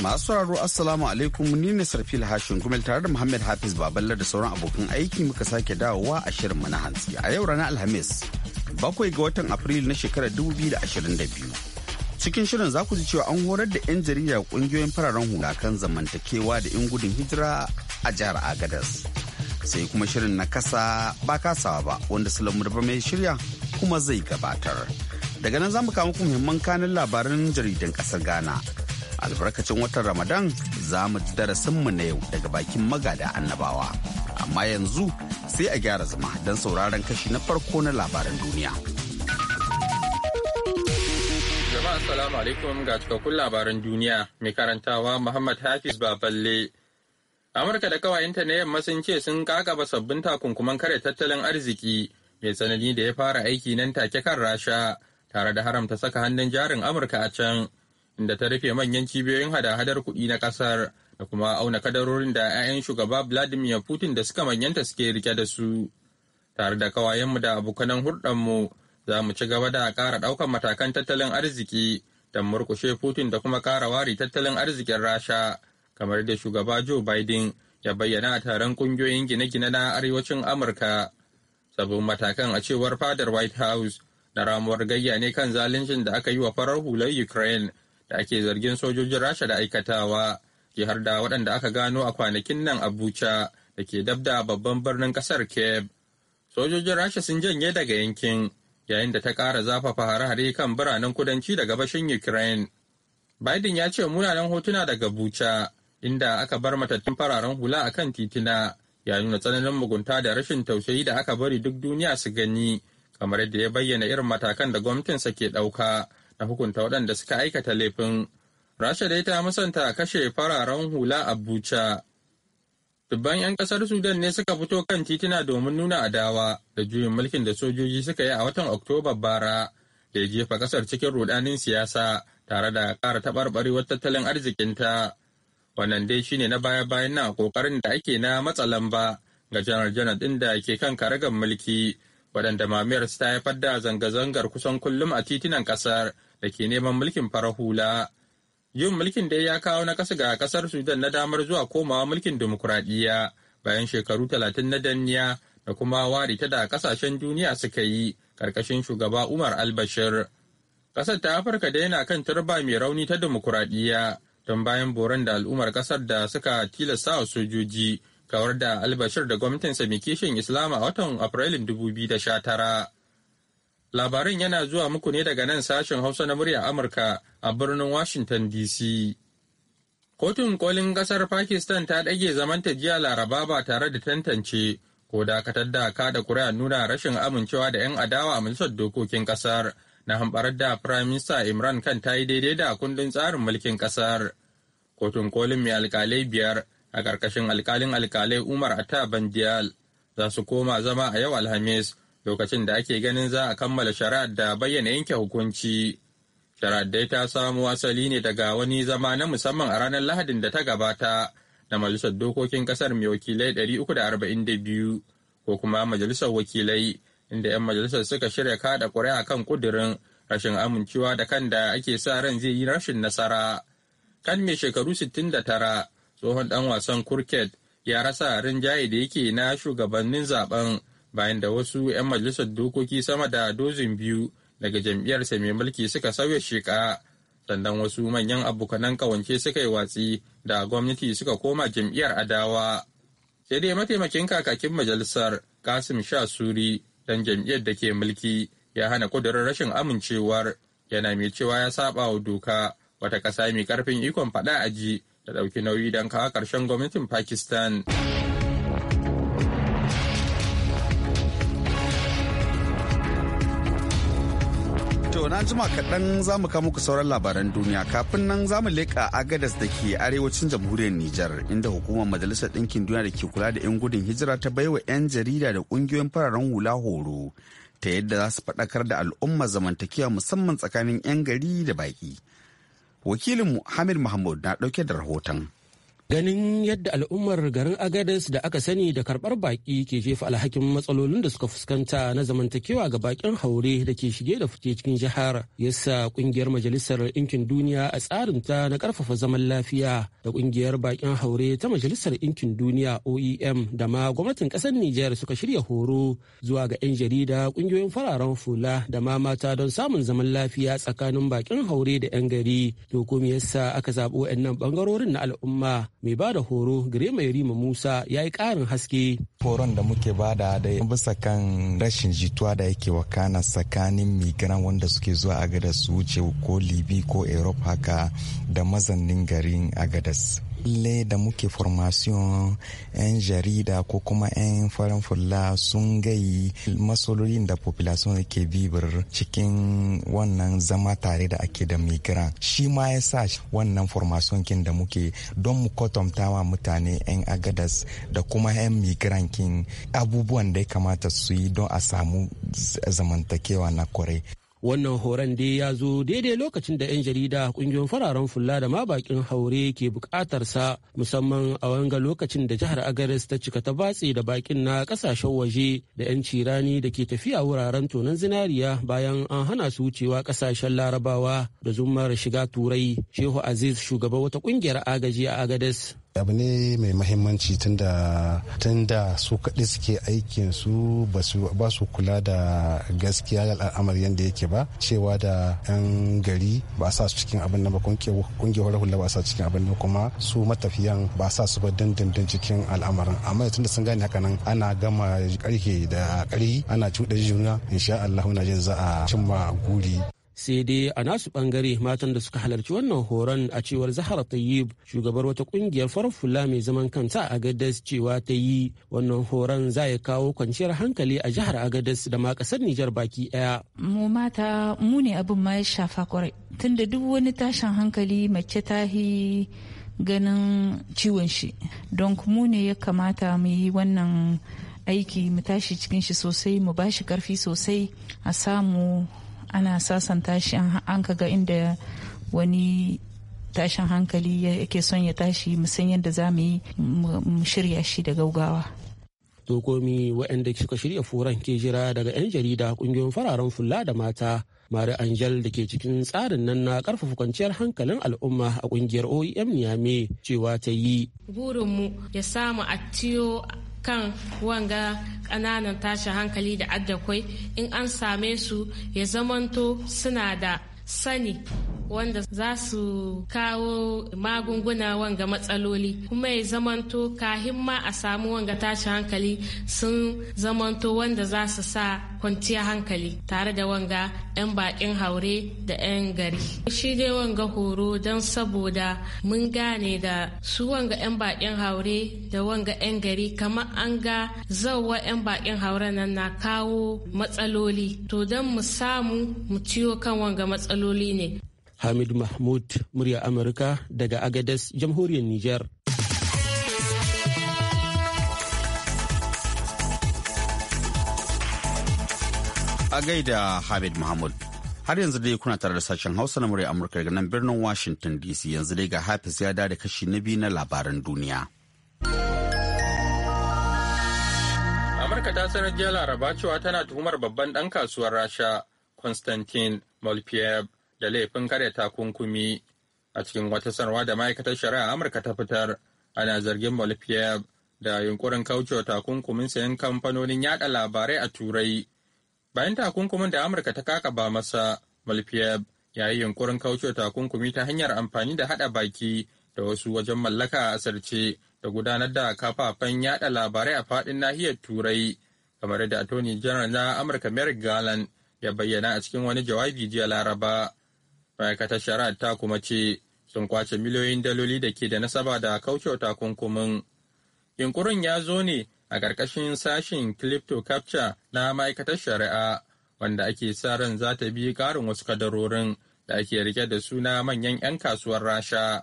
Masu sauraro Assalamu alaikum ni ne Sarfil Hashim Gumel tare da Muhammad Hafiz Babalar da sauran abokan aiki muka sake dawowa a shirin na hantsi a yau ranar Alhamis bakwai ga watan Afrilu na shekarar 2022. Cikin shirin za ku ji cewa an horar da 'yan jarida kungiyoyin fararen hula kan zamantakewa da 'yan gudun hijira a jihar Agadas. Sai kuma shirin na kasa ba kasawa ba wanda Sulamu da mai shirya kuma zai gabatar. Daga nan za mu kawo muku muhimman kanin labaran jaridan ƙasar Ghana. albarkacin watan ramadan za mu ji darasinmu na yau daga bakin magada annabawa amma yanzu sai a gyara zama don sauraron kashi na farko na labaran duniya jama'a assalamu alaikum ga cikakkun labaran duniya mai karantawa muhammad hafiz baballe amurka da kawayenta na yamma sun ce sun kakaba sabbin takunkuman kare tattalin arziki mai tsanani da ya fara aiki nan take kan rasha tare da haramta saka hannun jarin amurka a can inda ta rufe manyan cibiyoyin hada-hadar kuɗi na ƙasar da kuma auna kadarorin da 'ya'yan shugaba Vladimir Putin da suka manyanta suke rike da su. Tare da kawayenmu da abokanan hurɗanmu za mu ci gaba da ƙara ɗaukar matakan tattalin arziki don murƙushe Putin da kuma ƙara wari tattalin arzikin Rasha, kamar da shugaba Joe Biden ya bayyana a taron ƙungiyoyin gine-gine na arewacin Amurka. Sabon matakan a cewar fadar White House na ramuwar gayya ne kan zaluncin da aka yi wa farar hular Ukraine da ake zargin sojojin rasha da aikatawa ke har da waɗanda aka gano a kwanakin nan abuja da ke dabda babban birnin ƙasar keb sojojin rasha sun janye daga yankin yayin da ta ƙara zafafa hare-hare kan biranen kudanci da gabashin ukraine biden ya ce munanan hotuna daga buca inda aka bar matattun fararen hula a kan titina ya nuna tsananin mugunta da rashin tausayi da aka bari duk duniya su gani kamar yadda ya bayyana irin matakan da gwamnatinsa ke ɗauka a hukunta waɗanda suka aikata laifin rasha dai ta musanta kashe fararen hula a buca dubban 'yan ƙasar sudan ne suka fito kan titina domin nuna adawa da juyin mulkin da sojoji suka yi a watan oktoba bara da ya jefa ƙasar cikin rudanin siyasa tare da ƙara taɓarɓarewar tattalin arzikinta wannan dai shine na baya-bayan na ƙoƙarin da ake na matsa lamba ga janar-janar ɗin da ke kan karagar mulki waɗanda su ta haifar da zanga-zangar kusan kullum a titinan ƙasar da ke neman mulkin farar hula. Yin mulkin da ya kawo na kasa ga kasar Sudan na damar zuwa komawa mulkin demokuraɗiyya bayan shekaru talatin na danniya da kuma wari ta da kasashen duniya suka yi ƙarƙashin shugaba Umar AlBashir. Ƙasar ta Afirka da yana kan turba mai rauni ta demokuraɗiyya don bayan boran da al'ummar ƙasar da suka tilasta wa sojoji kawar da albashir da gwamnatinsa mai kishin Islama a watan Afrilun 2019. Labarin yana zuwa muku ne daga nan sashen Hausa na murya Amurka a birnin Washington DC. Kotun kolin ƙasar Pakistan ta ɗage zamanta jiya Laraba ba tare da tantance ko dakatar da kada kuri'a nuna rashin amincewa da 'yan adawa a dokokin ƙasar na hambarar da Prime Minister Imran Khan ta yi daidai da kundin tsarin mulkin ƙasar. Kotun kolin mai alkalai biyar a ƙarƙashin alkalin alkalai Umar Atta Bandiyal za su koma zama a yau Alhamis lokacin da ake ganin za a kammala shari'ar da bayyana yanke hukunci. Shari'ar dai ta samo asali ne daga wani zama na musamman a ranar Lahadin da ta gabata na Majalisar Dokokin Kasar mai wakilai 342 ko kuma Majalisar Wakilai inda 'yan majalisar suka shirya kaɗa ƙuri'a kan ƙudurin rashin amincewa da kan da ake sa ran zai yi rashin nasara. Kan mai shekaru sittin da tara tsohon ɗan wasan kurket ya rasa rinjaye da yake na shugabannin zaben bayan da wasu 'yan majalisar dokoki sama da dozin biyu daga jam'iyyarsa mai mulki suka sauya sheka sannan wasu manyan abokanan kawance suka yi watsi da gwamnati suka koma jam'iyyar adawa sai dai mataimakin kakakin majalisar kasim sha suri dan jam'iyyar da ke mulki ya hana kudurin rashin amincewar yana mai cewa ya saba wa doka wata ƙasa mai karfin ikon faɗa aji da ɗauki nauyi don kawo ƙarshen gwamnatin pakistan. na jima kaɗan za mu kawo muku sauran labaran duniya kafin nan za mu leƙa agadas da ke arewacin jamhuriyar Nijar inda hukumar majalisar ɗinkin duniya da ke kula da 'yan gudun hijira ta baiwa 'yan jarida da ƙungiyoyin fararen hula horo ta yadda za su faɗakar da al'umma zamantakewa musamman tsakanin 'yan gari da baƙi. Wakilinmu Hamid Mahmud na ɗauke da rahoton. ganin yadda al'ummar garin agadez da aka sani da karbar baƙi ke jefa alhakin matsalolin da suka fuskanta na zamantakewa ga bakin haure da ke shige da fice cikin jihar yasa kungiyar majalisar ɗinkin duniya a tsarin ta na karfafa zaman lafiya da kungiyar bakin haure ta majalisar ɗinkin duniya oem da ma gwamnatin ƙasar nijar suka shirya horo zuwa ga 'yan jarida kungiyoyin fararen fula da ma mata don samun zaman lafiya tsakanin bakin haure da 'yan gari to kuma yasa aka zaɓi waɗannan ɓangarorin na al'umma mai ba da horo gare mai musa ya yi ƙarin haske horon da muke bada da bisa kan rashin jituwa da yake wakana tsakanin migran wanda suke zuwa agadas su wuce ko libi ko europe haka da mazannin garin agadas le da muke formation 'yan jarida ko kuma 'yan farin fulla sun gai masololin da population ke bibir cikin wannan zama tare da ake da migrant shi ma ya sa wannan formation kin da muke don mu kwatanta wa mutane 'yan agadas da kuma 'yan migrant kin abubuwan da ya kamata su yi don a samu zamantakewa na kwarai wannan horon dai ya zo daidai lokacin da 'yan jarida kungiyoyin fararen fulla da ma bakin haure ke bukatarsa musamman a wanga lokacin da jihar agares ta cika ta batse da bakin na kasashen waje da 'yan cirani da ke tafiya wuraren tonon zinariya bayan an hana su wucewa kasashen larabawa da zumar shiga turai shehu aziz shugaba wata kungiyar agaji a agades abu ne mai mahimmanci tunda tunda su kaɗi suke aikin su ba su kula da gaskiya da al'amar yadda yake ba cewa da 'yan gari ba sa su cikin abin nan ba kungiyar hula ba sa cikin abin nan kuma su matafiyan ba sa su ba dindindin cikin al'amarin amma tunda sun gane haka nan ana gama karfe da karfi ana cuɗa juna insha'Allah Allah na jin za a cimma guri sai dai a nasu bangare matan da suka halarci wannan horon a cewar zahara tayyib shugabar wata kungiyar farar fula mai zaman kanta a gadas cewa ta yi wannan horon za ya kawo kwanciyar hankali a jihar agadas da ma kasar nijar baki daya mu mata mu ne abin ma ya shafa kwarai tunda duk wani tashin hankali mace ta yi ganin ciwon shi don mu ne ya kamata mu yi wannan aiki mu tashi cikin shi sosai mu bashi karfi sosai a samu ana sasanta shi an ga inda wani tashin hankali yake son ya tashi musan yadda za mu yi shirya shi da gaugawa. Dokomi waɗanda suka shirya furan ke jira daga 'yan jarida ƙungiyoyin fararen fulla da mata Mari Angel da ke cikin tsarin nan na karfafa kwanciyar hankalin al'umma a ƙungiyar OEM Niame cewa ta yi. Burinmu ya samu a tiyo kan wanga ƙananan tashin hankali da addakwai in an same su ya zamanto suna da sani wanda za su kawo magunguna wanga matsaloli kuma ya zamanto kahin ma a samu wanga tashi hankali sun zamanto wanda za su sa kwanciya hankali tare da wanga 'yan baƙin haure da 'yan gari shi dai wanga horo don saboda mun gane da su wanga 'yan bakin haure da wanga 'yan gari kamar an ga zauwa 'yan bakin haure nan na kawo matsaloli to don mu samu mu ciwo kan wanga matsaloli ne Hamid Mahmud, murya Amurka daga Agadez, jamhuriyar Nijar. A gaida Hamid Mahmud. Har yanzu dai kuna tare da sashen Hausa na murya Amurka daga nan birnin Washington DC yanzu dai ga Hafiz ya da kashi na biyu na labaran duniya. Amurka ta sanar jiya Laraba cewa tana tuhumar babban ɗan kasuwar Rasha, Konstantin Molpiev, da laifin karya takunkumi a cikin wata sanarwa da ma'aikatar shari'a amurka ta fitar ana zargin molfiev da yunkurin kaucewa takunkumin sayan kamfanonin yada labarai a turai bayan takunkumin da amurka ta kaka ba masa molfiev ya yi yunkurin kaucewa takunkumi ta hanyar amfani da hada baki da wasu wajen mallaka a asirce da gudanar da kafafen yada labarai a fadin nahiyar turai kamar da attorney general na amurka merrick garland ya bayyana a cikin wani jawabi jiya laraba ma'aikatar shari'a ta kuma ce sun kwace miliyoyin daloli da ke da nasaba da kaucewa takunkumin yunkurin ya zo ne a ƙarƙashin sashen crypto capture na ma'aikatar shari'a wanda ake sa ran za ta bi ƙarin wasu kadarorin da ake rike da suna manyan 'yan kasuwar rasha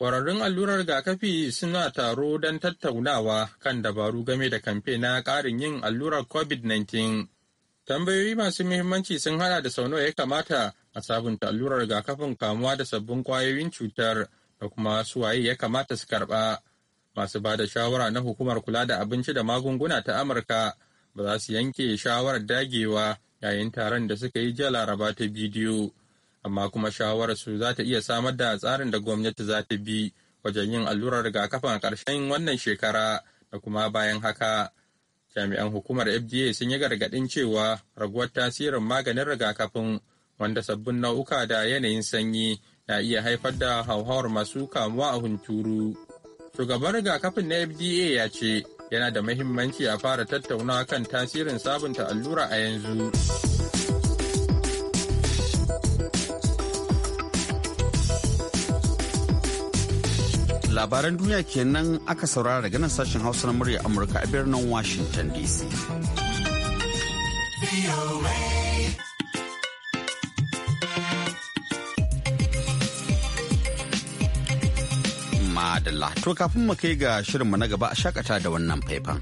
Ƙwararrun allurar rigakafi suna taro don tattaunawa kan dabaru game da kamfe na ƙarin yin allurar COVID-19. Tambayoyi masu muhimmanci sun hada da sau nawa ya kamata a sabunta allurar rigakafin kamuwa da sabbin kwayoyin cutar da kuma suwaye ya kamata su karba masu ba da shawara na hukumar kula da abinci da magunguna ta amurka ba za su yanke shawarar dagewa yayin taron da suka yi jiya laraba ta bidiyo amma kuma shawarar su za ta iya samar da tsarin da gwamnati za ta bi wajen yin allurar rigakafin a ƙarshen wannan shekara da kuma bayan haka jami'an hukumar fda sun yi gargaɗin cewa raguwar tasirin maganin rigakafin wanda sabbin nau'uka da yanayin sanyi na iya haifar da hauhawar masu kamuwa a hunturu. Shugaban rigakafin na FDA ya ce yana da mahimmanci a fara tattaunawa kan tasirin sabunta allura a yanzu. Labaran duniya kenan aka saurara daga nan sashen Hausa na murya Amurka a birnin Washington DC. madalla to kafin mu kai ga shirin mu na gaba a shakata da wannan faifan.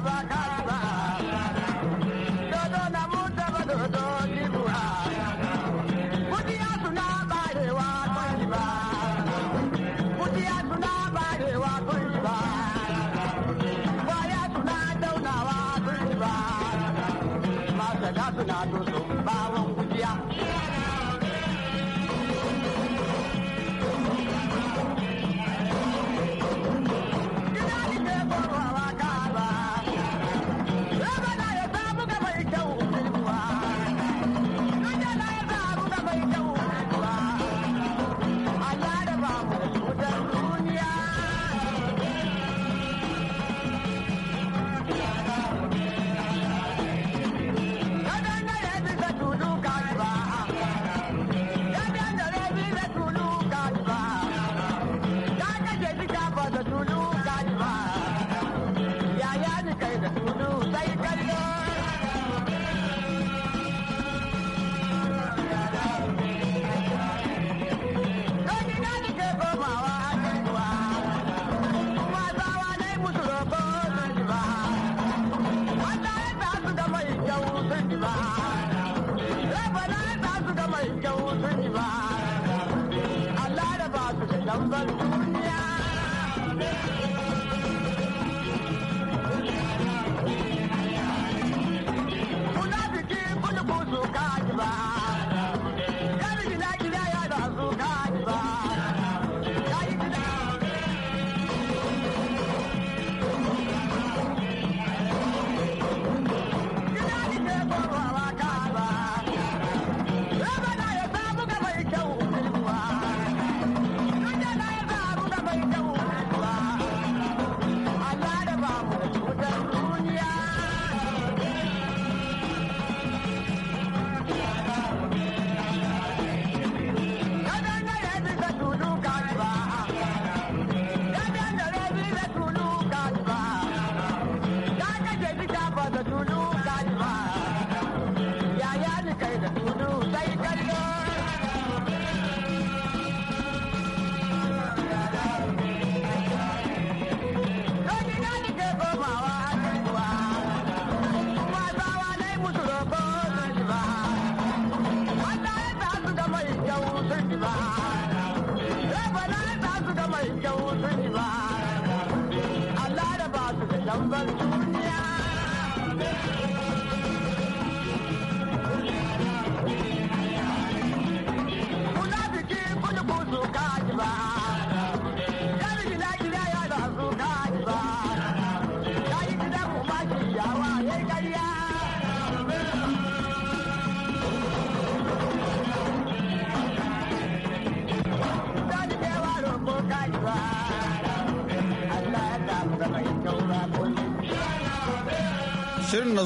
Abacada.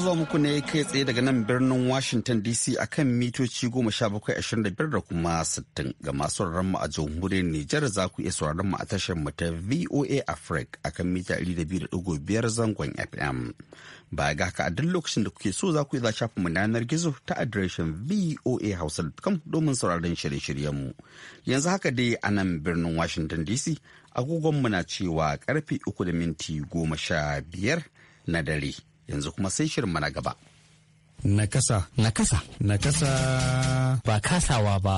zuwa muku ne kai tsaye daga nan birnin Washington DC a kan mitoci 1725 da kuma 60 ga masu mu a jamhuriyar Nijar za ku iya sauraron mu a tashar mu ta VOA Africa a kan mita 200.5 zangon FM. Ba ga haka a duk lokacin da kuke so za ku iya shafin mu yanar gizo ta adireshin voa Hausa.com domin sauraron shirye-shiryen mu. Yanzu haka dai a nan birnin Washington DC agogon mu na cewa karfe 3 da minti 15 na dare. yanzu kuma sai shirinmu na gaba. Nakasa. Nakasa. Nakasa. Ba kasawa ba.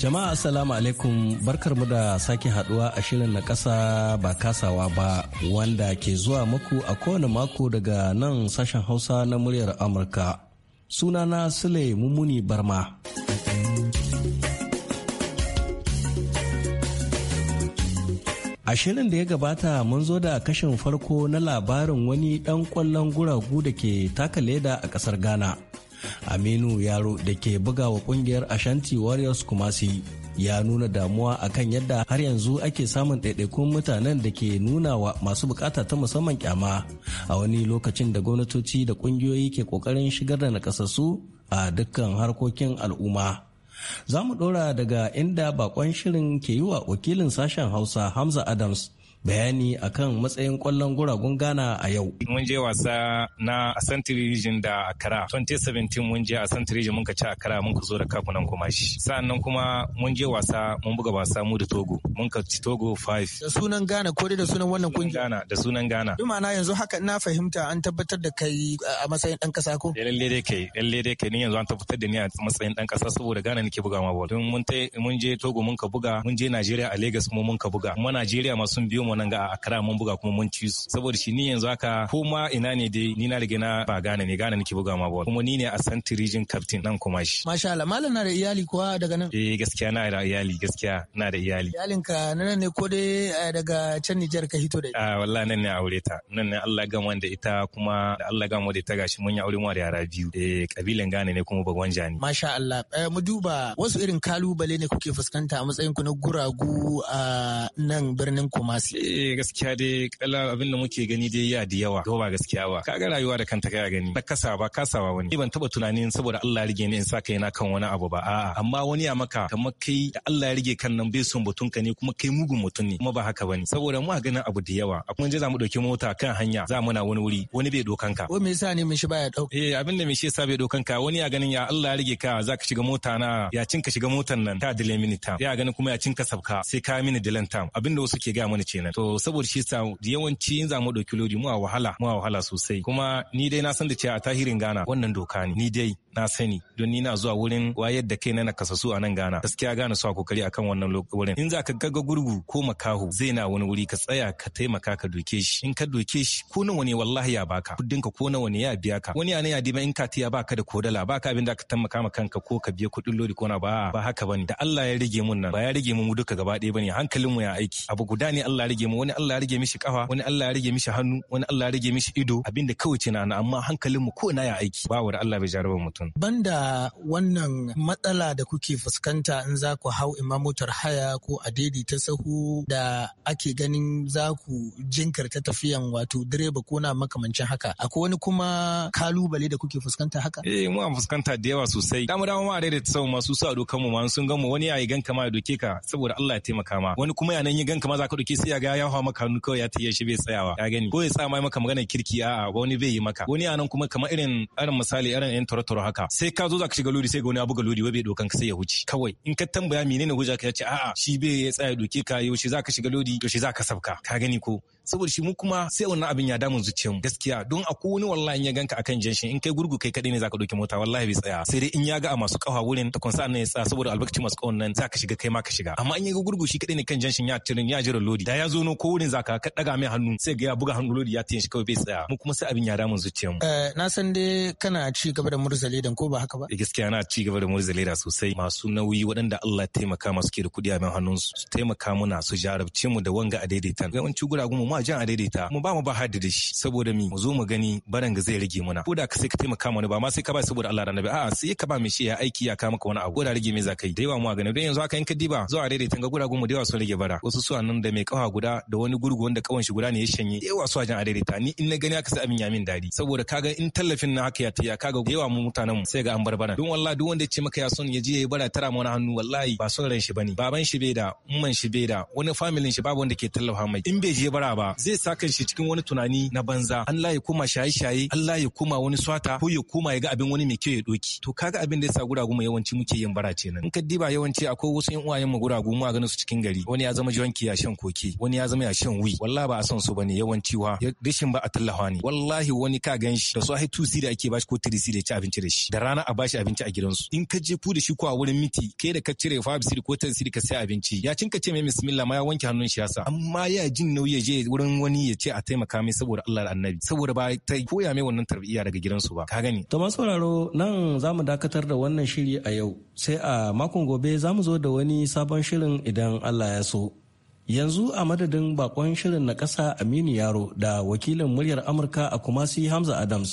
Jama'a Assalamu alaikum barkarmu da sake haduwa a shirin na kasa ba kasawa ba wanda ke zuwa muku a kowane mako daga nan sashen hausa na muryar Amurka. Sunana Sule Mummuni Barma. A shirin da ya gabata mun zo da kashin farko na labarin wani ɗan ƙwallon guragu da ke taka leda a ƙasar Ghana. Aminu Yaro da ke buga wa ƙungiyar Ashanti Warriors Kumasi ya nuna damuwa akan yadda har yanzu ake samun ɗaiɗaikun mutanen da ke nuna wa masu bukata ta musamman kyama a wani lokacin da gwamnatoci da ƙungiyoyi ke ƙoƙarin shigar da nakasassu a dukkan harkokin al'umma. Za mu ɗora daga inda bakon shirin ke yi wa wakilin sashen Hausa Hamza Adams bayani akan matsayin kwallon guragun Ghana a yau. Mun je wasa na Asante Region da akara 2017 mun je Asante Region mun ka ci Accra mun ka zo da kafunan kuma shi. Sa'annan kuma mun je wasa mun buga wasa mu da Togo. Mun ka ci Togo 5. Da sunan Ghana ko da sunan wannan kungiya? Ghana da sunan Ghana. Duma na yanzu haka na fahimta an tabbatar da kai a matsayin dan kasa ko? Eh, lalle dai kai, lalle dai kai ni yanzu an tabbatar da ni a matsayin dan kasa saboda Ghana nake buga ma bol. Mun je Togo mun ka buga, mun je Najeriya a Lagos mu mun ka buga. Kuma Najeriya ma sun biyo mu nan ga a Accra mun buga kuma mun ci su saboda shi ni yanzu haka ko ma ina ne dai ni na riga na ba Ghana ne Ghana nake buga ma bola kuma ni ne a Santi region captain nan kuma shi masha Allah malam na da iyali kuwa daga nan eh gaskiya na da iyali gaskiya na da iyali iyalin ka nan ne ko dai eh, daga can Nijar ka hito da ah wallahi nan ne aure ta nan ne Allah ga wanda ita kuma da Allah ga wanda da ita gashi mun yi aure mu da yara biyu eh kabilan Ghana ne kuma bagwan jani masha Allah eh, mu duba wasu irin kalubale ne kuke fuskanta a matsayin ku na guragu a nan birnin Kumasi Eh, gaskiya dai kala abin da muke gani dai ya da yawa ba gaskiya ba kaga rayuwa da kanta kaya gani na kasa ba ba wani ban taba tunanin saboda Allah ya rige ni in sa kai na kan wani abu ba a'a amma wani ya maka kamar kai da Allah ya rige kan nan bai son batun ka ne kuma kai mugun mutum ne kuma ba haka bane saboda mu ganin abu da yawa a kuma je za mu dauki mota kan hanya za mu na wani wuri wani bai dokan ka ko me yasa ne mishi baya dauka eh abin da mishi yasa bai dokan ka wani ya ganin ya Allah ya rige ka za ka shiga mota na ya cin ka shiga motan nan ta dile mini ta ya ganin kuma ya cinka sabka sai ka mini dilan ta abin da wasu ke ga mana ce kenan to saboda shi sa yawanci in za mu ɗauki lodi mu a wahala mu a wahala sosai kuma ni dai na san da cewa a tahirin Ghana wannan doka ne ni dai na sani don ni na zuwa wurin wayar da kai na kasasu a nan Ghana gaskiya Ghana su a kokari akan wannan wurin in za ka gaga gurgu ko makaho zai na wani wuri ka tsaya ka taimaka ka doke shi in ka doke shi ko nawa ne wallahi ya baka kudin ka ko nawa ne ya biya ka wani anan ya dima in ka tiya baka da kodala baka abin da ka taimaka ma kanka ko ka biya kudin lodi ko na ba ba haka bane da Allah ya rige mun nan ba ya rige mu duka gaba ɗaya bane hankalin mu ya aiki abu guda ne Allah rage mu wani Allah ya rage mishi kafa wani Allah ya rage mishi hannu wani Allah ya rage mishi ido abinda kawai tunana amma hankalin mu ko na ya aiki ba wa Allah bai jarabar mutum banda wannan matsala da kuke fuskanta in za ku hau imamotar haya ko a daidaita sahu da ake ganin za ku jinkirta tafiyan wato direba ko na makamancin haka akwai wani kuma kalubale da kuke fuskanta haka eh mu an fuskanta da yawa sosai dama dama ma ta sahu masu sa dokan mu ma sun gan mu wani ya yi ganka ma ya doke ka saboda Allah ya taimaka ma wani kuma ya nan yi ganka ma za ka doke sai ya ga ya hawa maka hannu kawai ya tayar shi bai tsayawa Ya gani ko ya sa mai maka magana kirki a'a wani bai yi maka wani nan kuma kamar irin irin misali irin yan toro haka sai ka zo za ka shiga lodi sai ga wani abu ga lodi wai bai dokan ka sai ya huce kawai in ka tambaya menene hujja ka ya ce a'a shi bai ya tsaya doke ka yaushe ka shiga lodi yaushe ka sabka ka gani ko saboda shi mu kuma sai wannan abin ya damun mu gaskiya don akwai wani wallahi ya ganka akan janshin in kai gurgu kai kadai ne zaka doke mota wallahi bai tsaya sai dai in ya ga a masu kafa wurin ta kunsa ne ya tsaya saboda albakci masu kawon nan zaka shiga kai ma ka shiga amma in ya ga gurgu shi kadai ne kan janshin ya tirin ya jira lodi da ya zo no ko wurin zaka ka daga mai hannu sai ga ya buga hannu lodi ya tiyan shi kawai bai tsaya mu kuma sai abin ya damun mu eh, na san dai kana ci gaba da murzale dan ko ba haka ba eh, gaskiya na ci gaba da murzale da sosai masu nauyi waɗanda Allah ya taimaka masu ke da kudi a hannun su taimaka muna su jarabce mu da wanga a daidaitan yawanci guragun mu a jan a daidaita mu ba mu ba hadda da shi saboda mi mu zo mu gani baran ga zai rage muna ko da ka sai ka taimaka mana ba ma sai ka ba saboda Allah da Annabi a'a sai ka ba mai shi ya aiki ya ka maka wani abu ko da rage me za kai da yawa mu gani dan yanzu haka in ka diba zo a daidaita ga guragun mu da yawa sun rage bara wasu su nan da mai kawa guda da wani gurgu wanda kawan shi guda ne ya shanye da yawa su a jan a daidaita ni in na gani haka sai amin yamin dadi saboda kaga in tallafin na haka ya taya kaga da yawa mu mutanen mu sai ga an barbara don wallahi duk wanda ya ce maka ya son ya je ya bara tara mana hannu wallahi ba son ran shi bane baban shi bai da umman shi bai da wani familin shi babu wanda ke tallafa mai in bai je bara ba zai sa kan shi cikin wani tunani na banza Allah ya koma shaye-shaye Allah ya koma wani swata ko ya koma ya ga abin wani mai kyau ya doki to kaga abin da sa guragu mu yawanci muke yin bara nan in ka diba yawanci akwai wasu yan uwayen mu guragu mu ganin su cikin gari wani ya zama jonki ya shan koki wani ya zama ya shan wi wallahi ba a son su bane yawanci wa rashin ba a tallafa ne wallahi wani ka gan shi da su hai tusi da ake bashi ko tirisi da ci abinci da shi da rana a bashi abinci a gidansu in ka je ku da shi ko a wurin miti kai da ka cire fa ko ka sai abinci ya cinka ce mai bismillah ma ya wanke hannun shi yasa amma ya jin nauyi je wurin wani ya ce a taimaka mai saboda Allah da Annabi saboda ba ta koya mai wannan tarbiyya daga gidansu ba ka gani to masu sauraro nan mu dakatar da wannan shiri a yau sai a makon gobe za mu zo da wani sabon shirin idan Allah ya so yanzu a madadin bakon shirin na ƙasa aminu yaro da wakilin muryar amurka a kumasi hamza adams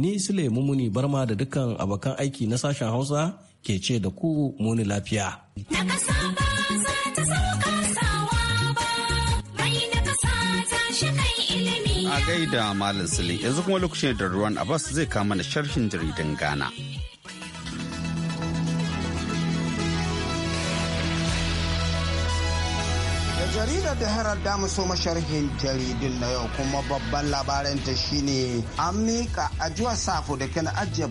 ni sule mumuni barma da dukkan abokan aiki na sashen hausa ke ce da ku muni lafiya. Na a gaida Malam Silin yanzu kuma lokacin da ruwan bas zai kama da sharhin jaridan Ghana. jaridar da Herald Damu so masharhin jaridun na yau kuma babban ta shine an mika ajuwa safo da kan ajiye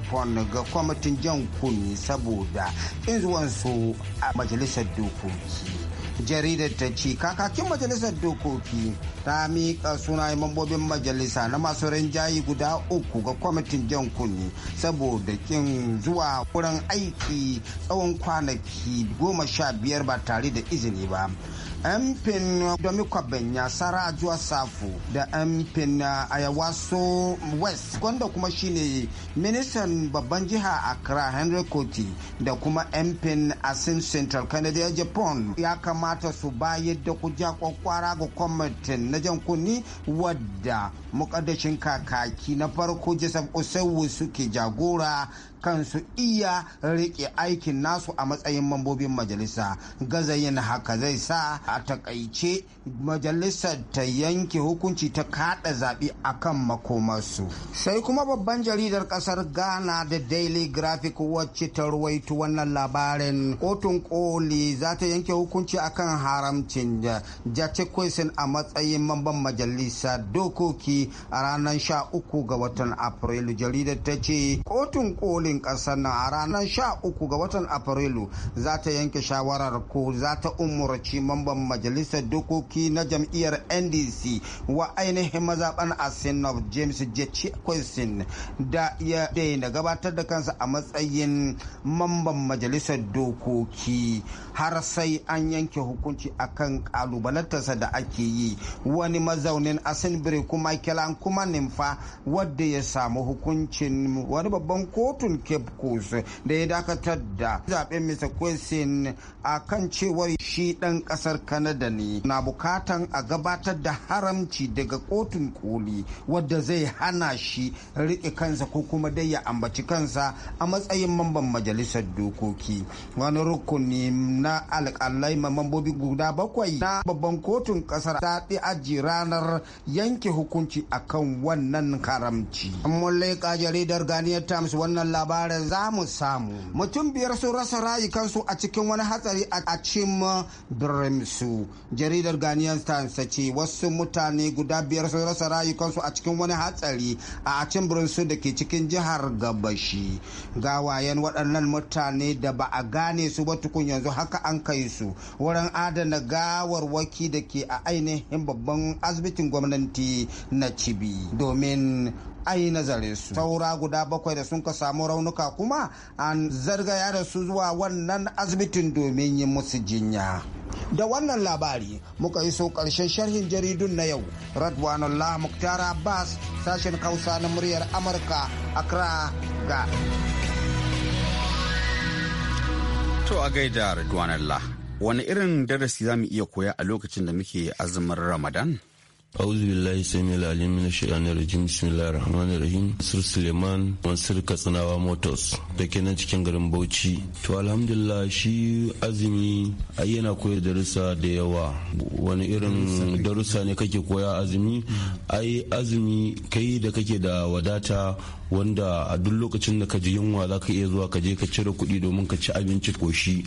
ga kwamitin jan kunni saboda inzuwansu a majalisar dokoki. jaridar ta ce kakakin majalisar dokoki ta miƙa sunayen mambobin majalisa na masu rinjaye guda uku ga kwamitin jan kunni saboda kin zuwa wurin aiki tsawon kwanaki goma sha biyar ba tare da izini ba mpin domiko benyasara ajuwa safo da mpin ayawaso west wanda kuma shine ministan babban jiha accra henry koti da kuma mpin asin central canada japan ya kamata su bayar da kuja kwakwara ga kwamitin na jan kunni wadda mukaddashin kakaki na farko joseph osewu suke jagora kan su iya riƙe aikin nasu a matsayin mambobin majalisa gaza yin haka zai sa a takaice majalisar ta yanke hukunci ta kaɗa zaɓe a kan makomarsu sai kuma babban jaridar ƙasar ghana da daily graphic wacce ta ruwaito wannan labarin kotun koli za ta yanke hukunci akan haramcin jace kwesin a matsayin mamban majalisa dokoki a ranar 13 ga watan afrilu jaridar ta ce kotun koli yankin kasar nan a ranar sha uku ga watan afrilu za ta yanke shawarar ko za ta umurci mamban majalisar dokoki na jam'iyyar ndc wa ainihin mazaɓan asinov james jeci da ya daina gabatar da kansa a matsayin mamban majalisar dokoki har sai an yanke hukunci akan kalubalantarsa da ake yi wani mazaunin asinbiri kuma kilan kuma nimfa wadda ya samu hukuncin wani babban kotun cape coast da ya dakatar da zaben mr question a kan cewar shi dan kasar Kanada ne na bukatan a gabatar da haramci daga kotun koli wadda zai hana shi riƙe kansa ko kuma dai ya ambaci kansa a matsayin mamban majalisar dokoki wani rukuni na alƙalai mambobi guda bakwai na babban kotun kasar ta ɗi aji ranar yanke hukunci akan wannan haramci. Mun leƙa jaridar Ghanaian Times wannan labarin labarin za mu samu mutum biyar sun rasa rayukansu a cikin wani hatsari a cimma birrimsu jaridar ghanaian times ta ce wasu mutane guda biyar sun rasa rayukansu a cikin wani hatsari a cin birrinsu da ke cikin jihar gabashi gawayen waɗannan mutane da ba a gane su ba tukun yanzu haka an kai su wurin adana gawarwaki da ke a ainihin babban asibitin gwamnati na cibi domin a yi nazarin su saura guda bakwai da sun ka samu raunuka kuma an zargaya da su zuwa wannan asibitin domin yi musu jinya da wannan labari muka yi so karshen sharhin jaridun na yau radwanullah muktara Bas sashen kausa na muryar amurka accra ga to a gaida radwanullah wani irin darasi za mu iya koya a lokacin da muke azumin ramadan auzu billahi sami alim min shaitanir rajim bismillahir rahmanir rahim sir suleiman mansur katsinawa motors da ke cikin garin bauchi to alhamdulillah shi azumi ai yana koyar da darussa da yawa wani irin darussa ne kake koya azumi ai azumi kai da kake da wadata wanda a duk lokacin da ka ji yunwa za ka iya zuwa ka je ka cire kuɗi domin ka ci abinci koshi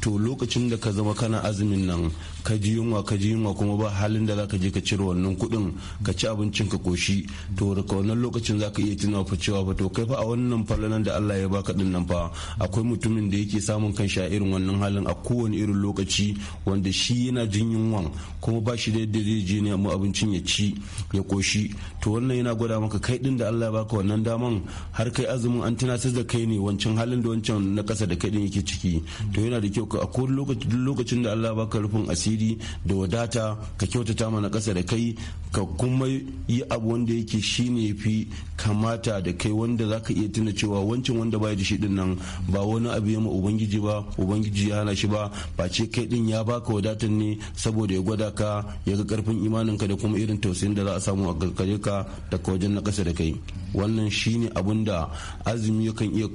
to lokacin da ka zama kana azumin nan ka ji yunwa ka ji yunwa kuma ba halin da za ka je ka cire wannan kuɗin ka ci abincin ka koshi to daga wannan lokacin za ka iya tunawa fa cewa fa to kai fa a wannan falalan da Allah ya baka din nan fa akwai mutumin da yake samun kanshi a irin wannan halin a kowane irin lokaci wanda shi yana jin yunwa kuma ba shi da yadda zai je ne abincin ya ci ya koshi to wannan yana gwada maka kai din da Allah ya baka wannan dama daman har kai azumin an tunatar da kai ne wancan halin da wancan na kasa da kai din yake ciki to yana da kyau a kowane lokacin da Allah baka rufin asiri da wadata ka kyautata mana kasa da kai ka kuma yi abu wanda yake shine fi kamata da kai wanda zaka iya tuna cewa wancan wanda baya da shi din nan ba wani abu ya ma ubangiji ba ubangiji ya hana shi ba ba ce kai din ya baka wadatan ne saboda ya gwada ka ya ga karfin imanin ka da kuma irin tausayin da za a samu a gare ka daga wajen na kasa da kai wannan shi shine abinda da azumi yakan iya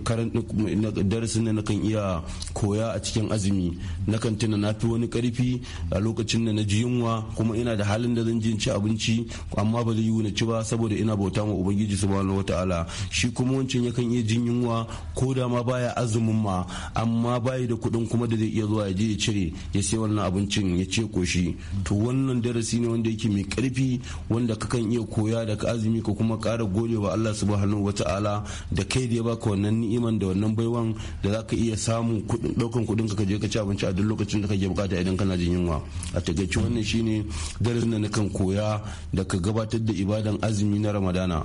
darasin da kan iya koya a cikin azumi kan tuna na fi wani karfi a lokacin da na ji yunwa kuma ina da halin da zan ji ci abinci amma ba zai yi wani ci ba saboda ina bauta wa ubangiji subhanahu wataala shi kuma wancan yakan iya jin yunwa ko da ma baya azumin ma amma bayi da kuɗin kuma da zai iya zuwa ya je ya cire ya sai wannan abincin ya ce koshi to wannan darasi ne wanda yake mai karfi wanda ka kan iya koya daga azumi ka kuma kara gode wa Allah subhanahu subhanahu wa ta'ala da kai da ya baka wannan ni'iman da wannan baiwan da za ka iya samun daukan kudin ka je ka ci abinci a duk lokacin da kake bukata idan kana jin yunwa a takaice wannan shine darasin da nakan koya da ka gabatar da ibadan azumi na ramadana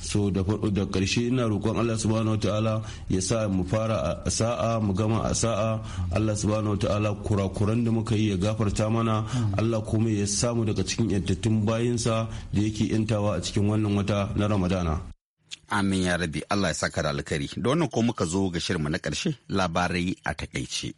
so da da karshe ina roƙon Allah subhanahu wataala ya sa mu fara a sa'a mu gama a sa'a Allah subhanahu wataala kurakuran da muka yi ya gafarta mana Allah kuma ya samu daga cikin yantattun bayinsa da yake intawa a cikin wannan wata na Ramadana Amin ya rabi Allah ya saka da alkari. Da wannan ko muka zo ga shirin na ƙarshe labarai a takaice.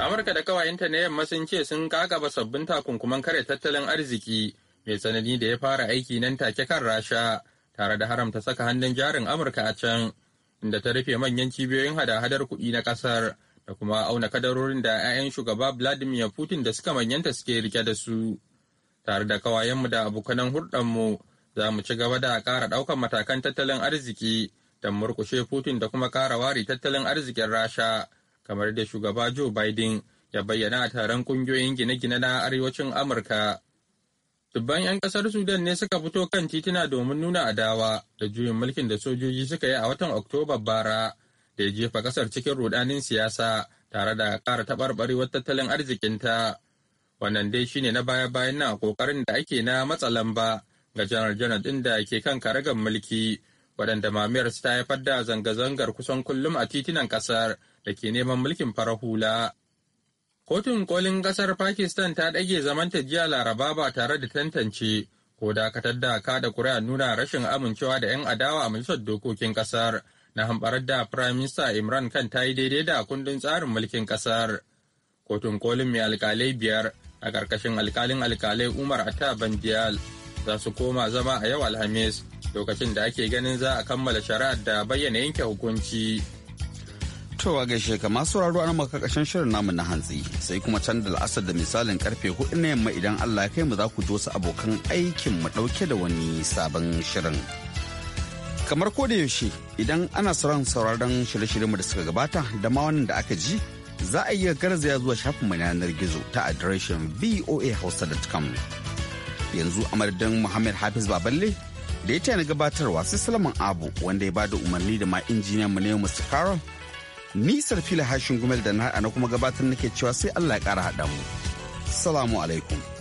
Amurka da kawayenta na yamma sun ce sun kakaba sabbin takunkuman kare tattalin arziki mai tsanani da ya fara aiki nan take kan Rasha tare da haramta saka hannun jarin Amurka a can inda ta rufe manyan cibiyoyin hada-hadar kuɗi na ƙasar da kuma auna kadarorin da 'ya'yan shugaba Vladimir Putin da suka manyanta suke rike da su. tare da kawayenmu da abokanan hurɗanmu za mu ci gaba da ƙara ɗaukar matakan tattalin arziki da murkushe Putin da kuma ƙara wari tattalin arzikin Rasha kamar da shugaba Joe Biden ya bayyana a taron ƙungiyoyin gine-gine na arewacin Amurka. Dubban 'yan ƙasar Sudan ne suka fito kan titina domin nuna adawa da juyin mulkin da sojoji suka yi a watan Oktoba bara da ya jefa ƙasar cikin rudanin siyasa tare da ƙara taɓarɓarewar tattalin arzikinta. Wannan dai shine na baya-bayan nan a kokarin da ake na matsa lamba ga janar-janar ɗin da ke kan karagar mulki waɗanda mamiyar su ta haifar da zanga-zangar kusan kullum a titunan ƙasar da ke neman mulkin farar hula. Kotun kolin ƙasar Pakistan ta ɗage zamanta jiya laraba ba tare da tantance ko dakatar da kada kuri'a nuna rashin amincewa da 'yan adawa a majalisar dokokin ƙasar na hanbarar da Prime Minister Imran kan ta yi daidai da kundin tsarin mulkin ƙasar. Kotun kolin mai alƙalai biyar a ƙarƙashin alkalin alkalai umar ata bandiyal za su koma zama a yau alhamis lokacin da ake ganin za a kammala shari'ar da bayyana yanke hukunci to gaishe ka masu raro maka shirin namu na hantsi sai kuma can da la'asar da misalin karfe hudu na yamma idan allah ya kai mu za ku ji wasu abokan aikin mu ɗauke da wani sabon shirin. kamar ko da yaushe idan ana sauran sauraron shirye-shiryenmu da suka gabata da ma wannan da aka ji za a iya garzaya zuwa shafin na yanar gizo ta adireshin voahausa.com. Yanzu a madadin Muhammad Hafiz Baballe da ya na gabatarwa sai Salaman Abu wanda ya bada umarni da ma injiniyan mu ne Mr. Carol. Ni Sarfila Hashin Gumel da na kuma gabatar nake cewa sai Allah ya kara haɗa mu. Salamu alaikum.